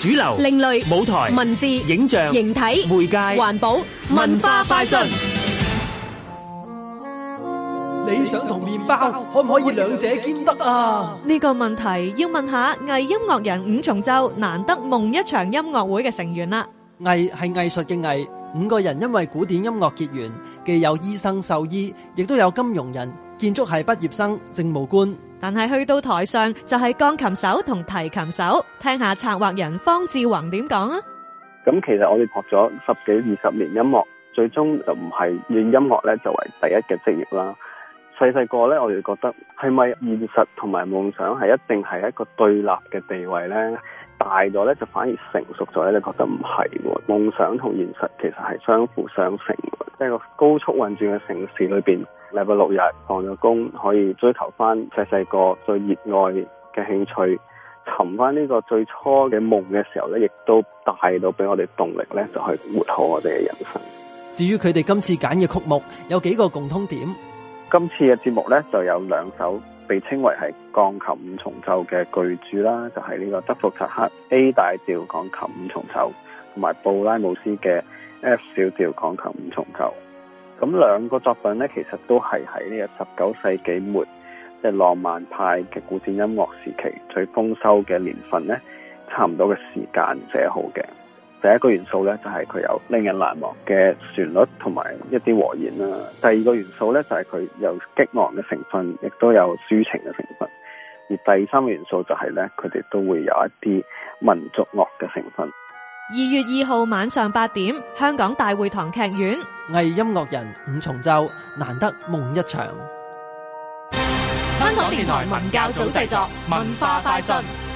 主流、另類舞台、文字、影像、形體、媒介、環保、文化快訊。理想同麵包，可唔可以兩者兼得啊？呢個問題要問下藝音樂人五重奏《難得夢一場》音樂會嘅成員啦。藝係藝術嘅藝，五個人因為古典音樂結緣，既有醫生、獸醫，亦都有金融人、建築系畢業生、政務官。但係去到台上就係鋼琴手同提琴手，聽下策劃人方志宏點講啊？咁其實我哋學咗十幾二十年音樂，最終就唔係以音樂咧作為第一嘅職業啦。細細個咧，我哋覺得係咪現實同埋夢想係一定係一個對立嘅地位咧？大咗咧，就反而成熟咗咧。你覺得唔係喎？夢想同現實其實係相輔相成，即係個高速運轉嘅城市裏邊，禮拜六日放咗工，可以追求翻細細個最熱愛嘅興趣，尋翻呢個最初嘅夢嘅時候咧，亦都帶到俾我哋動力咧，就去活好我哋嘅人生。至於佢哋今次揀嘅曲目有幾個共通點？今次嘅節目咧就有兩首。被稱為係鋼琴五重奏嘅巨著啦，就係呢個德福塔克 A 大調鋼琴五重奏，同埋布拉姆斯嘅 F 小調鋼琴五重奏。咁兩個作品呢，其實都係喺呢個十九世紀末，即係浪漫派嘅古典音樂時期最豐收嘅年份呢，差唔多嘅時間寫好嘅。第一個元素咧，就係、是、佢有令人難忘嘅旋律同埋一啲和弦啦、啊。第二個元素咧，就係、是、佢有激昂嘅成分，亦都有抒情嘅成分。而第三個元素就係咧，佢哋都會有一啲民族樂嘅成分。二月二號晚上八點，香港大會堂劇院，藝音樂人五重奏，難得夢一場。香港電台文教組製作，文化快訊。